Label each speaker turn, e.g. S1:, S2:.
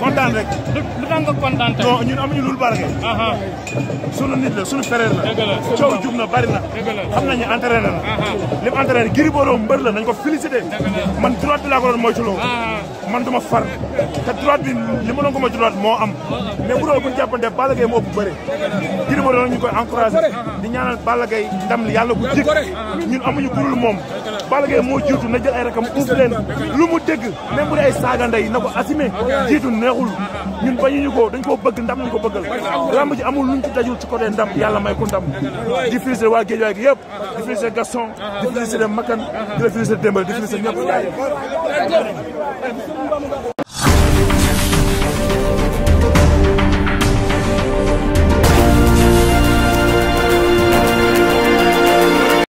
S1: kontaan rek. lu lu tax nga kontaan tey. non ñun amuñu lu barke.
S2: sunu nit la sunu frère la. dëgg jub na bari na. dëgg la xam nañu entraîné na. li mu entraîné Gris mbër la nañ ko félicité. man droite bi laa ko doon moytuloo. man duma far te droite bi li ma doon ko moo am. mais bu doon bu ñu jàppante Balla Gaye moo ëpp bëre. Gris Bordeaux ñu koy encouragé. di ñaanal Balla Gaye ndam li jik ñun amuñu ku moom. Balla Gaye moo jiitu na jël ay rakam uuf leen lu mu dégg même bu ay saaga ndey na ko jiitu neexul ñun bañu ñu ko bëgg ndam lañ ko bëggal lamb ji amul luñ ci dajul ci côté ndam yàlla may ko ndam di félicité waa géej waay gi yëpp di félicité Gaston di félicité Makan di la félicité Dembélé
S1: di